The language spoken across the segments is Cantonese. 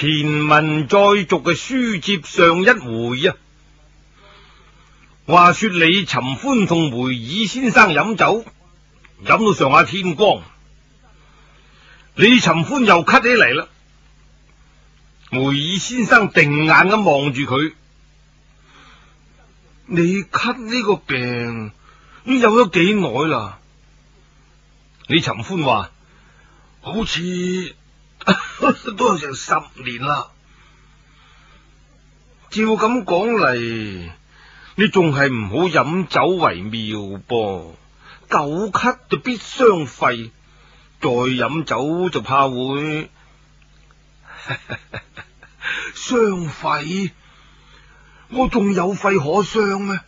前文再續嘅書接上一回啊，話說李尋歡同梅爾先生飲酒，飲到上下天光，李尋歡又咳起嚟啦。梅爾先生定眼咁望住佢，你咳呢個病已有咗幾耐啦？李尋歡話：好似。 都有成十年啦，照咁講嚟，你仲係唔好飲酒為妙噃，久咳就必傷肺，再飲酒就怕會傷 肺。我仲有肺可傷咩？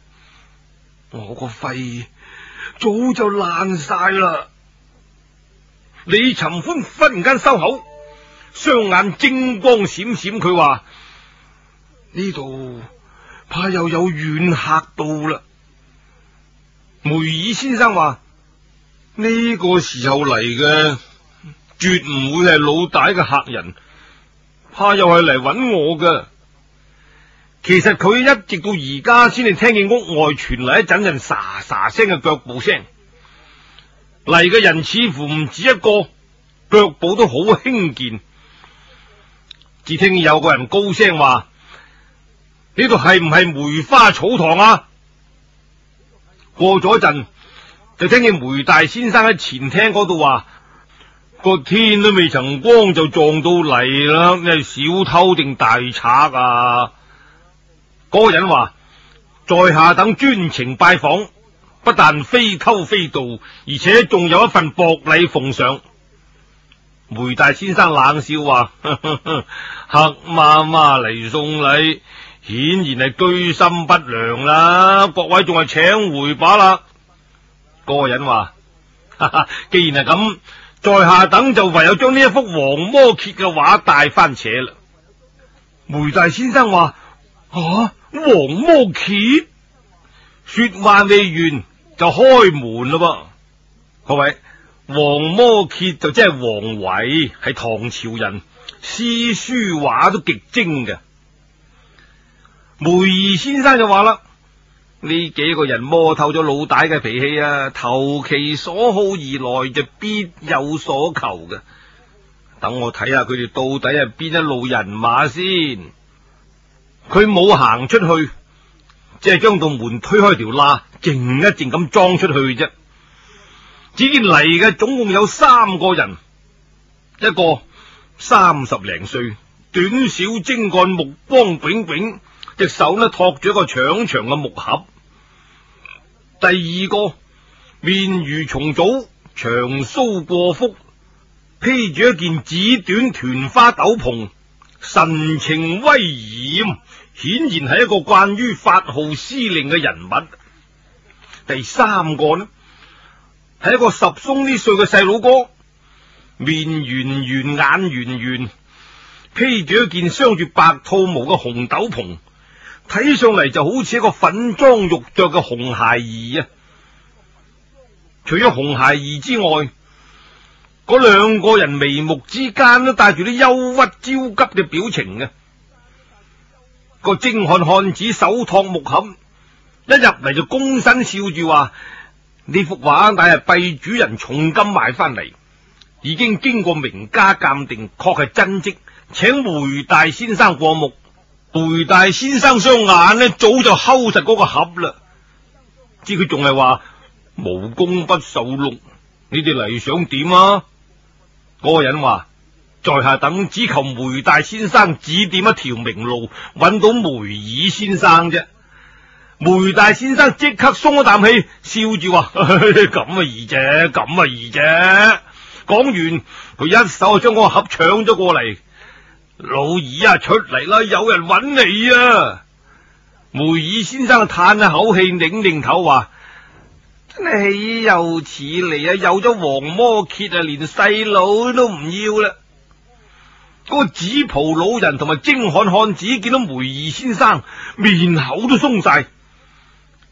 我個肺早就爛晒啦。李尋歡忽然間收口。雙眼晶光閃閃，佢話，呢度怕又有遠客到啦。梅爾先生話：呢個時候嚟嘅，絕唔會係老大嘅客人，怕又係嚟揾我㗎。其實佢一直到而家先至聽見屋外傳嚟一陣陣沙沙聲嘅腳步聲，嚟嘅人似乎唔止一個，腳步都好輕健。只聽見有個人高聲話：呢度係唔係梅花草堂啊？過咗一陣，就聽見梅大先生喺前廳嗰度話：個天都未曾光就撞到嚟啦！你係小偷定大賊啊？嗰個人話：在下等專程拜訪，不但非偷非盜，而且仲有一份薄禮奉上。梅大先生冷笑話：呵呵，黑媽媽嚟送禮，顯然係居心不良啦！各位仲係請回把啦。嗰個人話：，哈哈，既然係咁，在下等就唯有將呢一幅黃魔揭嘅畫帶翻扯啦。梅大先生話：，啊，黃魔揭，說話未完就開門咯噃，各位。王摩羯，就即係王維，係唐朝人，詩書畫都極精嘅。梅二先生就話啦：呢幾個人摸透咗老大嘅脾氣啊，投其所好而來，就必有所求嘅。等我睇下佢哋到底係邊一路人馬先。佢冇行出去，即係將道門推開條罅，靜一靜咁裝出去啫。只見嚟嘅總共有三個人，一個三十零歲，短小精幹，目光炯炯，隻手呢托住一個長長嘅木盒。第二個面如重棗，長鬚過腹，披住一件紫短團花斗篷，神情威嚴，顯然係一個慣於發號司令嘅人物。第三個呢？係一個十鬆啲歲嘅細佬哥，面圓圓眼圓圓，披住一件鑲住白兔毛嘅紅斗篷，睇上嚟就好似一個粉妝玉琢嘅紅孩兒啊！除咗紅孩兒之外，嗰兩個人眉目之間都帶住啲憂鬱焦急嘅表情嘅。啊，那個精悍漢子手托木盒，一入嚟就躬身笑住話。呢幅畫乃係敝主人重金買翻嚟，已經經過名家鑒定，確係真迹，請梅大先生過目。梅大先生雙眼呢，早就摳實嗰個盒啦。知佢仲係話無功不受祿，你哋嚟想點啊？嗰、嗰個人話：在下等只求梅大先生指點一條明路，搵到梅爾先生啫。梅大先生即刻鬆咗啖氣，笑住話：咁啊二姐，咁啊二姐。講完，佢一手就將個盒搶咗過嚟。老二啊，出嚟啦，有人揾你啊！梅二先生嘆一口氣，擰擰頭話：你又似嚟啊？有咗黃魔揭啊，連細佬都唔要啦。嗰個紫袍老人同埋精悍漢漢子見到梅二先生，面口都鬆晒。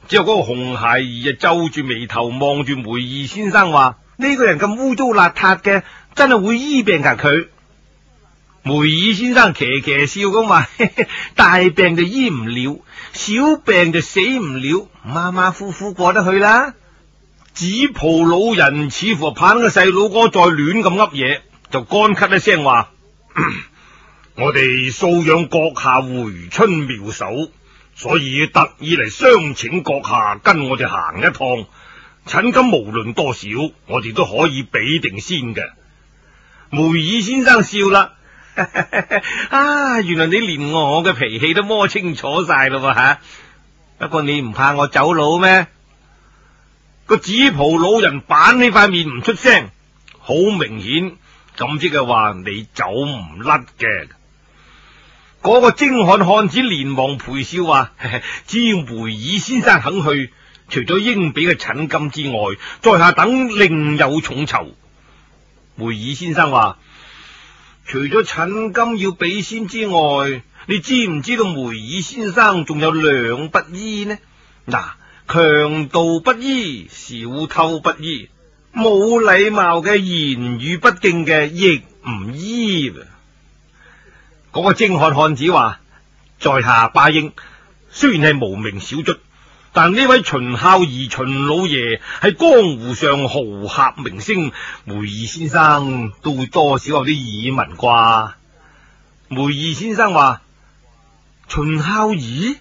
之後嗰個紅孩兒就皺住眉頭望住梅爾先生話：呢個人咁污糟邋遢嘅，真係會醫病噶佢。梅爾先生騎騎笑咁話： 大病就醫唔了，小病就死唔了，馬馬虎虎過得去啦。子鋪老人似乎怕呢個細佬哥再亂咁噏嘢，就乾咳一聲話： 我哋素養閣下回春妙手。所以特意嚟相請閣下跟我哋行一趟，診金無論多少，我哋都可以俾定先嘅。梅爾先生笑啦，啊，原來你連我嘅脾氣都摸清楚晒咯吓。不過你唔怕我走佬咩？個紙袍老人板起塊面唔出聲，好明顯，咁即係話你走唔甩嘅。嗰個精悍漢子連忙陪笑話：只要梅爾先生肯去，除咗應俾嘅診金之外，在下等另有重酬。梅爾先生話：除咗診金要俾先之外，你知唔知道梅爾先生仲有兩不依呢？嗱、啊，強盜不依，小偷不依，冇禮貌嘅言語不敬嘅亦唔依。嗰個精悍漢子話：在下巴英，雖然係無名小卒，但呢位秦孝儀秦老爺係江湖上豪俠明星，梅二先生都會多少有啲耳聞啩。梅二先生話：秦孝儀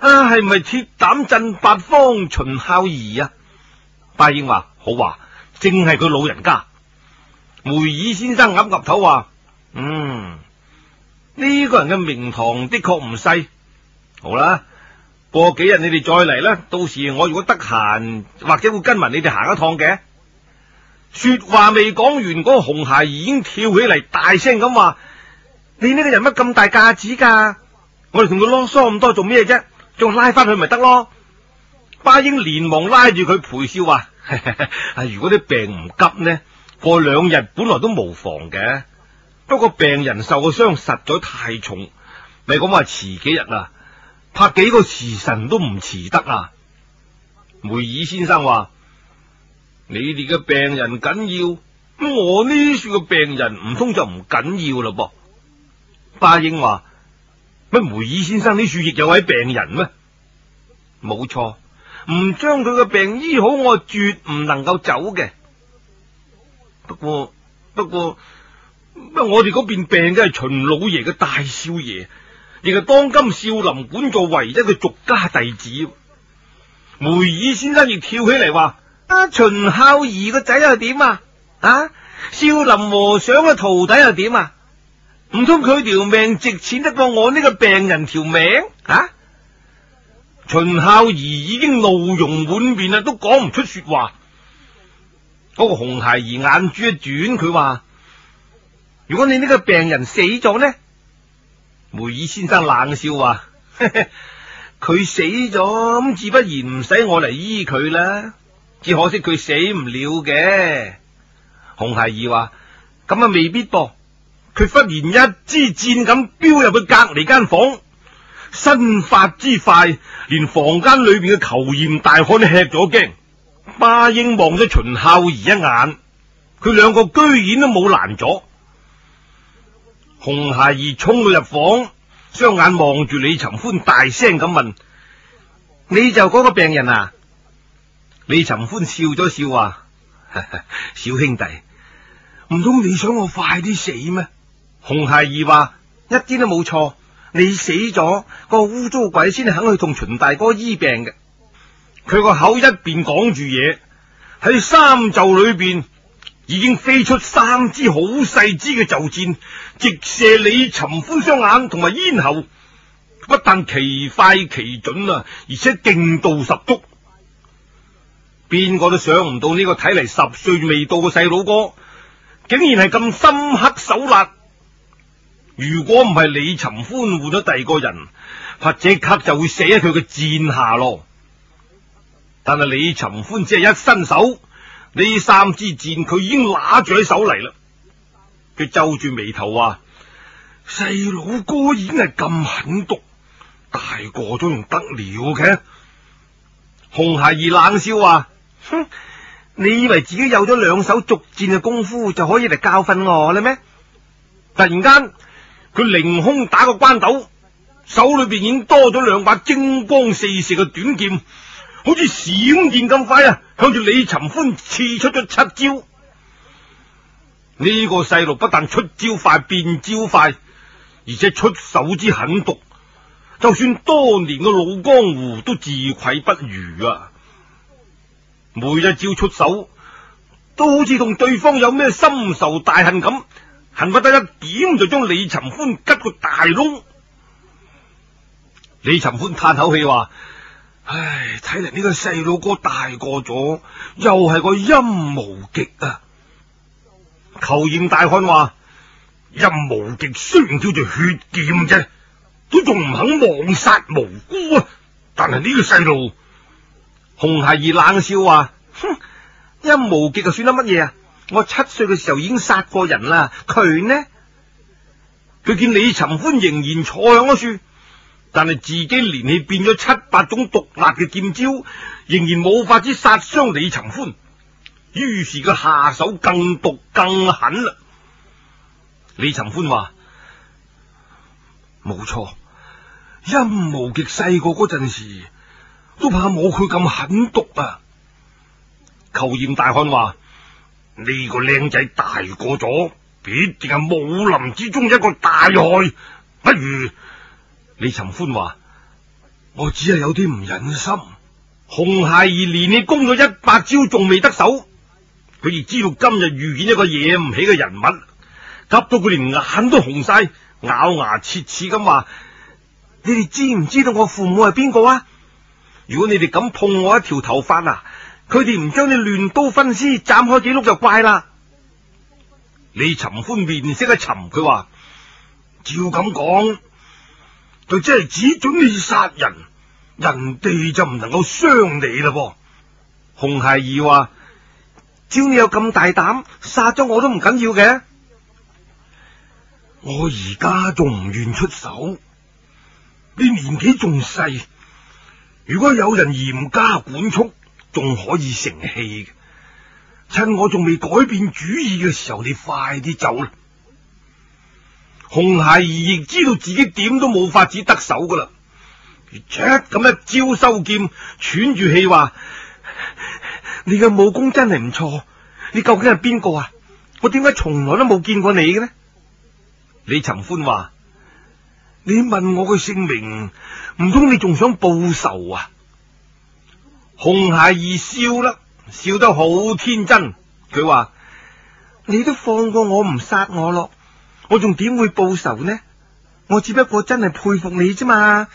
啊，係咪鐵膽鎮八方秦孝儀啊？巴英話：好話、啊，正係佢老人家。梅二先生岌岌頭話：嗯。呢個人嘅名堂的確唔細，好啦，過幾日你哋再嚟啦，到時我如果得閒，或者會跟埋你哋行一趟嘅。說話未講完，嗰個紅孩已經跳起嚟，大聲咁話：你呢個人乜咁大架子噶？我哋同佢囉嗦咁多做咩啫？仲拉翻去咪得咯？巴英連忙拉住佢陪笑話： 如果啲病唔急呢，過兩日本來都無妨嘅。不過病人受嘅傷實在太重，咪講話遲幾日啊，拍幾個時辰都唔遲得啊！梅爾先生話：你哋嘅病人緊要，咁我呢處嘅病人唔通就唔緊要嘞噃。巴英話：乜梅爾先生呢處亦有位病人咩？冇錯，唔將佢嘅病醫好，我絕唔能夠走嘅。不過，不過。不，我哋嗰邊病嘅係秦老爺嘅大少爺，亦係當今少林館座唯一嘅俗家弟子。梅爾先生亦跳起嚟話：啊，秦孝儀個仔又點啊？啊，少林和尚嘅徒弟又點啊？唔通佢條命值錢得過我呢個病人條命啊？秦孝儀已經怒容滿面，都講唔出說話。嗰個紅孩兒眼珠一轉，佢話。如果你呢個病人死咗呢？梅爾先生冷笑話：佢死咗，咁，自不然唔使我嚟醫佢啦。只可惜佢死唔了嘅。紅孩兒話：咁啊，未必噃。佢忽然一支箭咁飆入去隔籬間房，身法之快，連房間裏邊嘅虬髯大漢都吃咗驚。巴英望咗秦孝兒一眼，佢兩個居然都冇攔咗。紅孩兒衝佢入房，雙眼望住李尋歡，大聲咁問：你就嗰個病人啊？李尋歡笑咗笑話：小兄弟，唔通你想我快啲死咩？紅孩兒話：一啲都冇錯，你死咗個污糟鬼先肯去同秦大哥醫病嘅。佢個口一邊講住嘢，喺三袖裏邊。已經飛出三支好細支嘅袖箭，直射李尋歡雙眼同埋咽喉。不但奇快奇準啊，而且勁道十足。邊個都想唔到呢個睇嚟，十歲未到嘅細佬哥，竟然係咁深刻手辣。如果唔係李尋歡換咗第二個人，或者即刻就會死喺佢嘅箭下咯。但係李尋歡只係一伸手。呢三支箭，佢已經拿住喺手嚟啦。佢皺住眉頭話：細佬哥已經係咁狠毒，大個都唔得了嘅。紅孩兒冷笑話：哼，你以為自己有咗兩手逐箭嘅功夫就可以嚟教訓我嘞咩？突然間，佢凌空打個關斗，手裏邊已經多咗兩把晶光四射嘅短劍。好似閃電咁快啊！向住李尋歡刺出咗七招。呢、這個細路不但出招快，變招快，而且出手之狠毒，就算多年嘅老江湖都自愧不如啊！每一招出手，都好似同對，對方有咩深仇大恨咁，恨不得一點就將李尋歡吉個大窿。李尋歡嘆口氣話。唉，睇嚟呢個細路哥大個咗，又係個陰無極啊！虬髯大漢話：陰無極雖然叫做血劍啫，都仲唔肯枉殺無辜啊！但係呢個細路，紅 孩兒冷笑話：哼，陰無極就算得乜嘢啊！我七歲嘅時候已經殺過人啦，佢呢？佢見李尋歡仍然坐響處。但係自己練起變咗七八種毒辣嘅劍招，仍然冇法子殺傷李尋歡。於是佢下手更毒更狠啦。李尋歡話：冇錯，陰無極細個嗰陣時，都怕冇佢咁狠毒啊！虯髯大漢話：呢、這個靚仔大個咗，必定係武林之中一個大害，不如。李尋歡話：我只係有啲唔忍心，紅孩兒連你攻咗一百招仲未得手，佢亦知道今日遇見一個惹唔起嘅人物，急到佢連眼都紅晒，咬牙切齒咁話：你哋知唔知道我父母係邊個啊？如果你哋敢碰我一條頭髮啊，佢哋唔將你亂刀分屍斬開幾碌就怪啦！李尋歡面色一沉，佢話：照咁講。就只係只准你殺人，人哋就唔能夠傷你嘞噃。洪孩兒話：只要你有咁大膽，殺咗我都唔緊要嘅。 我而家仲唔願出手，你年紀仲細，如果有人嚴加管束，仲可以成器嘅。趁我仲未改變主意嘅時候，你快啲走啦。紅孩兒亦知道自己點都冇法子得手噶啦，咁一招收劍，喘住氣話：你嘅武功真係唔錯，你究竟係邊個啊？我點解從來都冇見過你嘅呢？李尋歡話：你問我嘅姓名，唔通你仲想報仇啊？紅孩兒笑啦，笑得好天真，佢話：你都放過我,殺我，唔殺我咯。我仲點會報仇呢？我只不過真係佩服你啫嘛！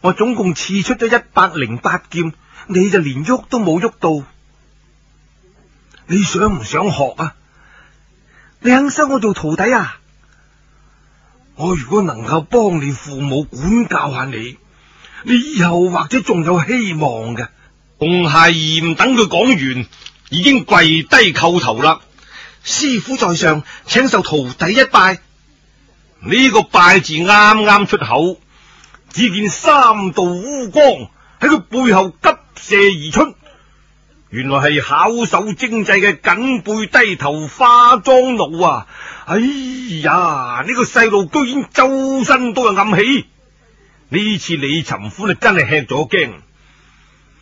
我總共刺出咗一百零八劍，你就連喐都冇喐到。你想唔想學啊？你肯收我做徒弟啊？我如果能夠幫你父母管教下你，你以後或者仲有希望嘅。紅孩兒唔等佢講完，已經跪低叩頭啦。師傅在上，請受徒弟一拜。呢個拜字啱啱出口，只見三道烏光喺佢背後急射而出。原來係巧手精製嘅緊背低頭花裝弩啊！哎呀，呢、這個細路居然周身都有暗器。呢次李尋歡啊，真係吃咗驚。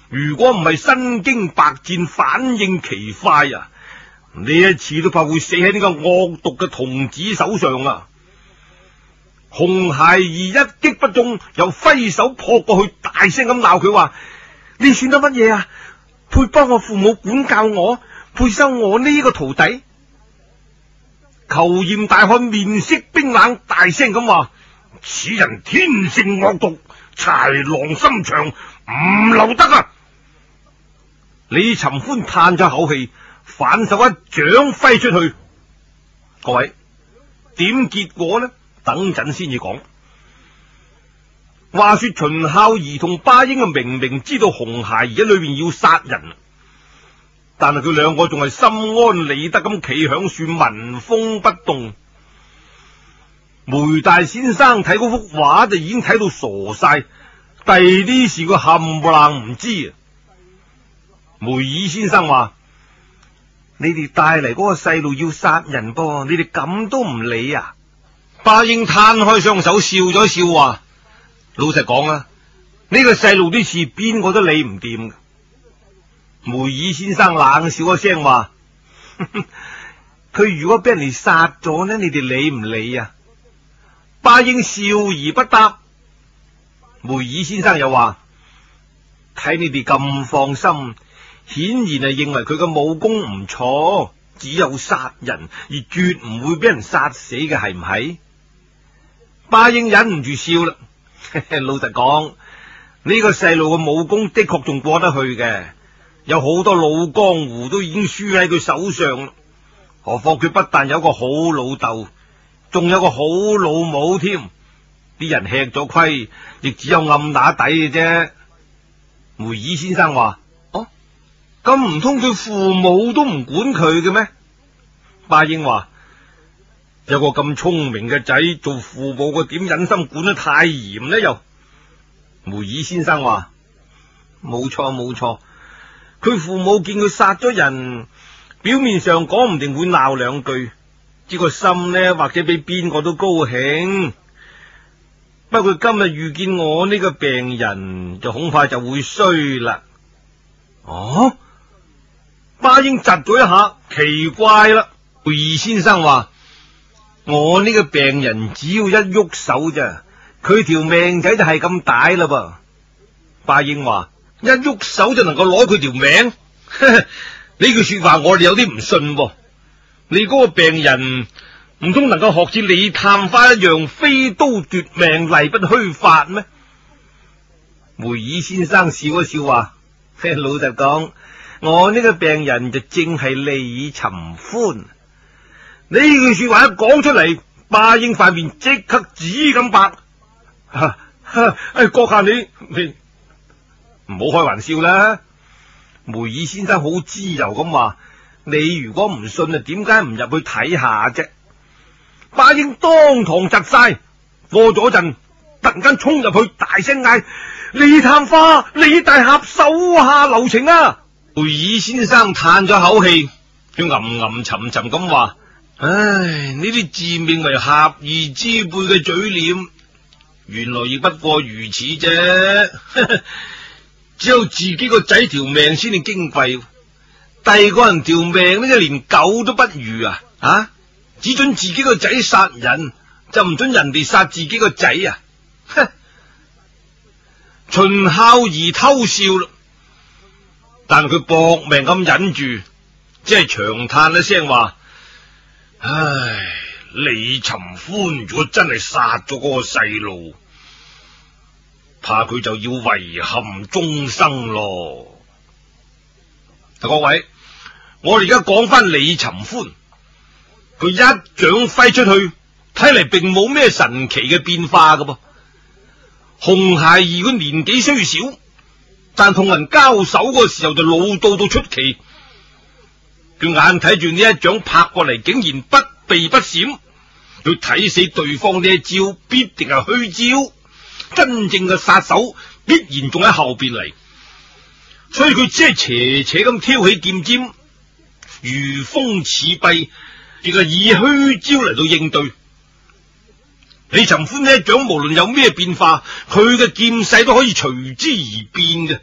如果唔係身經百戰、反應奇快啊，呢一次都怕會死喺呢個惡毒嘅童子手上啊！紅孩兒一擊不中，又揮手撲過去，大聲咁鬧佢話：你算得乜嘢啊？配幫我父母管教我，配收我呢個徒弟？仇焰大漢面色冰冷，大聲咁話：此人天性惡毒，豺狼心腸，唔留得啊！李尋歡嘆咗口氣，反手一掌揮出去。各位，點結果呢？等陣先至講。話說秦孝儀同巴英啊，明明知道紅孩兒喺裏邊要殺人，但係佢兩個仲係心安理得咁企響樹，紋風不動。梅大先生睇嗰幅畫就已經睇到傻晒，第啲事佢冚唪唥唔知。梅爾先生話：你哋帶嚟嗰個細路要殺人噃，你哋咁都唔理啊！巴英攤開雙手笑咗笑，話：老實講啊，呢個細路啲事邊個都理唔掂。梅爾先生冷笑一聲，話：佢如果俾人哋殺咗呢，你哋理唔理啊？巴英笑而不答。梅爾先生又話：睇你哋咁放心，顯然係認為佢嘅武功唔錯，只有殺人而絕唔會俾人殺死嘅，係唔係？巴英忍唔住笑啦。 老實講，呢個細路嘅武功的確仲過得去嘅，有好多老江湖都已經輸喺佢手上。何況佢不但有個好老豆，仲有個好老母添。啲人吃咗虧，亦只有暗打底嘅啫。梅爾先生話：哦，咁唔通佢父母都唔管佢嘅咩？巴英話。有個咁聰明嘅仔做父母佢點忍心管得太嚴呢？又梅爾先生話：冇錯冇錯，佢父母見佢殺咗人，表面上講唔定會鬧兩句，只個心呢，或者俾邊個都高興。不過今日遇見我呢個病人，就恐怕就會衰啦。哦，巴英窒咗一下，奇怪啦。梅爾先生話。我呢個病人只要一喐手咋，佢條命仔就係咁大嘞噃。白英話：一喐手就能夠攞佢條命？呢 句說話我哋有啲唔信。你嗰、哦、個病人唔通能夠學似李探花一樣飛刀奪命，例不虛發咩？梅爾先生笑一笑話：聽老實講，我呢個病人就正係李尋歡。呢句說話一講出嚟，巴英塊面即刻紙咁白。 哎，閣下你你唔好開玩笑啦。梅爾先生好自由咁話，你如果唔信啊，點解唔入去睇下啫？巴英當堂窒晒，過咗一陣，突然間衝入去，大聲嗌：李探花、李大俠手下留情啊！梅爾先生嘆咗口氣，佢吟吟沉沉咁話。唉，呢啲自命為俠義之輩嘅嘴臉，原來亦不過如此啫。只有自己個仔條命先至矜貴，第二個人條命呢，就連狗都不如啊！啊，只准自己個仔殺人，就唔准人哋殺自己個仔啊！秦孝兒偷笑咯，但佢搏命咁忍住，只係長嘆一聲話。唉，李尋歡如果真係殺咗嗰個細路，怕佢就要遺憾終生咯。各位，我哋而家講翻李尋歡，佢一掌揮出去，睇嚟並冇咩神奇嘅變化噶噃。紅孩兒佢年紀雖小，但同人交手嗰時候就老到到出奇。佢眼睇住呢一掌拍過嚟，竟然不避不閃，佢睇死對方呢一招必定係虛招，真正嘅殺手必然仲喺後邊嚟，所以佢只係斜斜咁挑起劍尖，如風似弊，亦係以虛招嚟到應對李尋歡呢一掌，無論有咩變化，佢嘅劍勢都可以隨之而變嘅。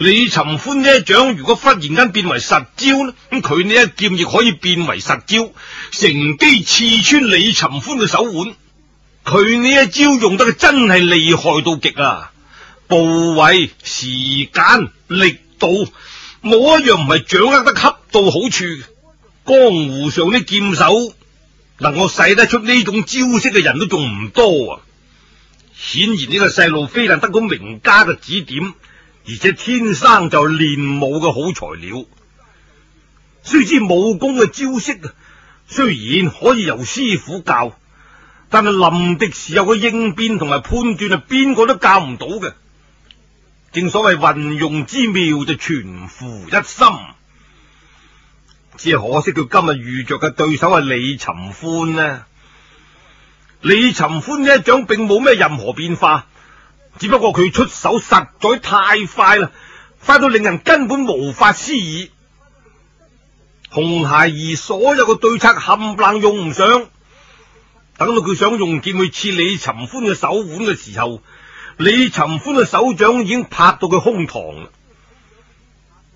李尋歡呢一掌如果忽然間變為實招呢，咁佢呢一劍亦可以變為實招，乘機刺穿李尋歡嘅手腕。佢呢一招用得真係厲害到極啊！部位、時間、力度，冇一樣唔係掌握得恰到好處。江湖上啲劍手能夠使得出呢種招式嘅人都仲唔多啊！顯然呢個細路非但得到名家嘅指點。而且天生就練武嘅好材料，雖知武功嘅招式啊，雖然可以由師傅教，但係臨敵時候嘅應變同埋判斷係邊個都教唔到嘅。正所謂運用之妙，就全乎一心。只係可惜佢今日遇着嘅對手係李尋歡呢，李尋歡呢一掌並冇咩任何變化。只不過佢出手實在太快啦，快到令人根本無法思議。紅孩兒所有嘅對策冚唪唥用唔上，等到佢想用劍去刺李尋歡嘅手腕嘅時候，李尋歡嘅手掌已經拍到佢胸膛啦。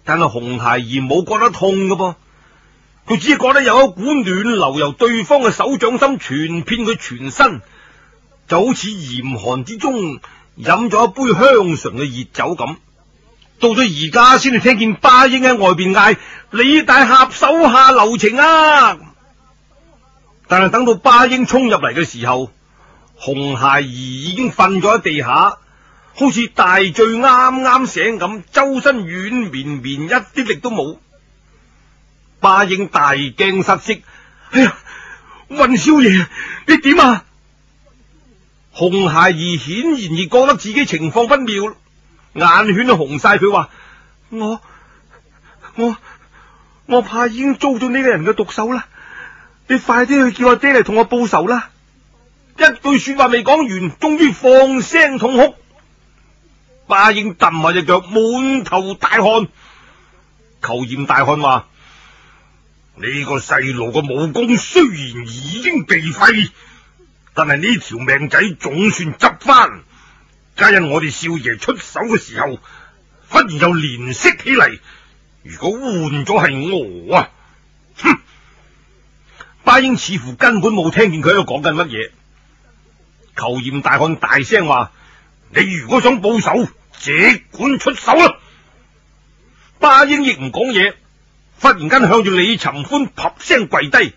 但係紅孩兒冇覺得痛㗎噃，佢只係覺得有一股暖流由對方嘅手掌心傳遍佢全身，就好似嚴寒之中。飲咗一杯香醇嘅熱酒咁，到咗而家先至聽見巴英喺外邊嗌：李大俠手下留情啊！但係等到巴英衝入嚟嘅時候，紅孩兒已經瞓咗喺地下，好似大醉啱啱醒咁，周身軟綿綿，一啲力都冇。巴英大驚失色：哎呀，雲少爺，你點啊？紅孩兒顯然而覺得自己情況不妙，眼圈都紅晒。佢話：我我我怕已經遭咗呢個人嘅毒手啦！你快啲去叫阿爹嚟同我報仇啦！一句話說話未講完，終於放聲痛哭。巴英揼下隻腳，滿頭大汗。求嚴大漢話：呢個細路嘅武功雖然已經被廢。但係呢條命仔總算執翻，皆因我哋少爺出手嘅時候，忽然又憐惜起嚟。如果換咗係我啊，哼，巴英似乎根本冇聽見佢喺度講緊乜嘢。虬髯大漢大聲話：你如果想報仇，只管出手啦。巴英亦唔講嘢，忽然間向住李尋歡啪聲跪低。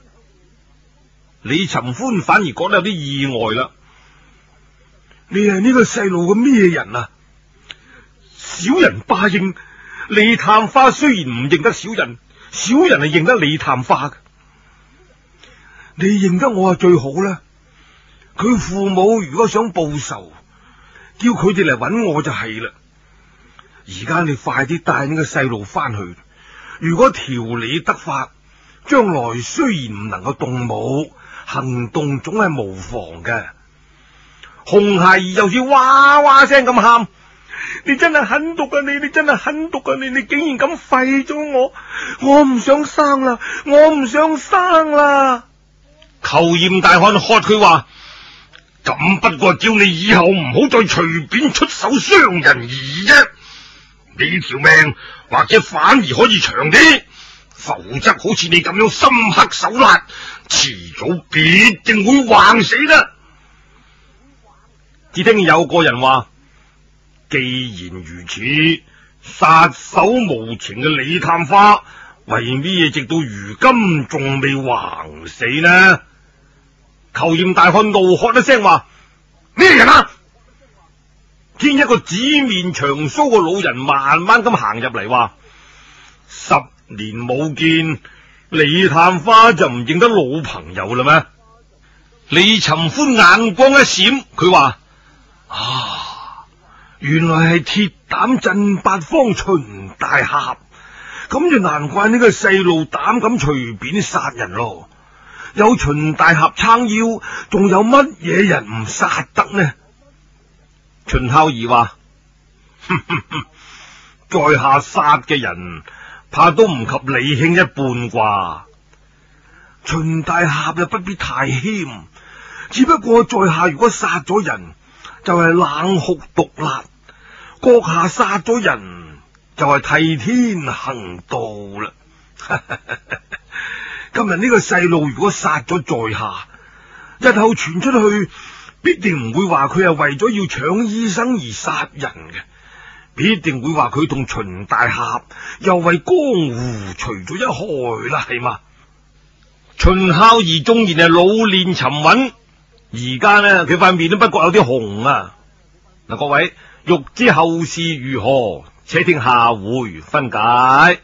李尋歡反而覺得有啲意外啦！你係呢個細路嘅咩人啊？小人霸應，李探花雖然唔認得小人，小人係認得李探花嘅。你認得我啊，最好啦！佢父母如果想報仇，叫佢哋嚟搵我就係啦。而家你快啲帶呢個細路翻去，如果調理得法，將來雖然唔能夠動武，行動總係無妨嘅，紅孩兒又似哇哇聲咁喊：，你真係狠毒啊！你你真係狠毒啊！你你竟然咁廢咗我，我唔想生啦，我唔想生啦！仇焰大漢喝佢話：，咁 不過叫你以後唔好再隨便出手傷人而已啫，你條命或者反而可以長啲。否則好似你咁樣心黑手辣，遲早必定會橫死啦！ 只聽有個人話：，既然如此，殺手無情嘅李探花，為咩嘢直到如今仲未橫死呢？虬髯大漢怒喝一聲話：，咩人啊？ 見一個紫面長鬚嘅老人慢慢咁行入嚟，話十。年冇見，李探花就唔認得老朋友啦咩？李尋歡眼光一閃，佢話：啊，原來係鐵膽鎮八方秦大俠，咁就難怪呢個細路膽敢隨便殺人咯。有秦大俠撐腰，仲有乜嘢人唔殺得呢？秦孝儀話： 在下殺嘅人。怕都唔及李兄一半啩，秦大俠又不必太謙，只不過在下如果殺咗人，就係冷酷毒辣；閣下殺咗人，就係替天行道啦。 今日呢個細路如果殺咗在下，日後傳出去，必定唔會話佢係為咗要搶醫生而殺人嘅。必定會話佢同秦大俠又為江湖除咗一害啦，係嘛？秦孝義縱然係老練沉穩，而家呢佢塊面都不覺有啲紅啊！嗱，各位欲知後事如何，且聽下回分解。